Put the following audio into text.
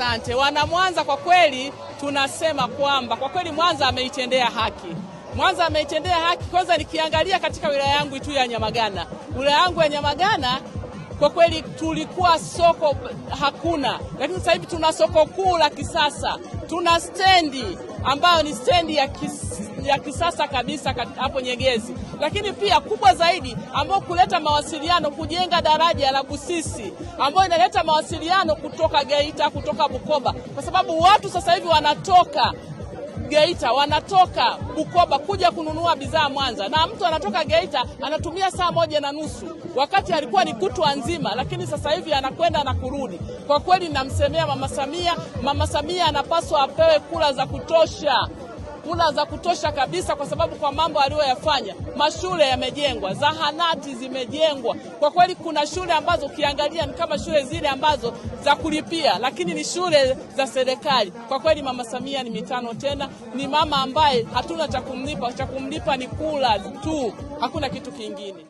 Asante wana Mwanza, kwa kweli tunasema kwamba kwa kweli Mwanza ameitendea haki, Mwanza ameitendea haki. Kwanza nikiangalia katika wilaya yangu tu ya Nyamagana, wilaya yangu ya Nyamagana kwa kweli tulikuwa soko hakuna, lakini sasa hivi tuna soko kuu la kisasa. Tuna stendi ambayo ni stendi ya, kis, ya kisasa kabisa hapo Nyegezi, lakini pia kubwa zaidi ambayo kuleta mawasiliano, kujenga daraja la Busisi ambayo inaleta mawasiliano kutoka Geita, kutoka Bukoba, kwa sababu watu sasa hivi wanatoka Geita wanatoka Bukoba kuja kununua bidhaa Mwanza, na mtu anatoka Geita anatumia saa moja na nusu wakati alikuwa ni kutwa nzima, lakini sasa hivi anakwenda na kurudi. Kwa kweli namsemea mama Samia. Mama Samia anapaswa apewe kula za kutosha kula za kutosha kabisa, kwa sababu kwa mambo aliyoyafanya, mashule yamejengwa, zahanati zimejengwa. Kwa kweli kuna shule ambazo ukiangalia ni kama shule zile ambazo za kulipia, lakini ni shule za serikali. Kwa kweli Mama Samia ni mitano tena, ni mama ambaye hatuna cha kumlipa, cha kumlipa ni kula tu, hakuna kitu kingine.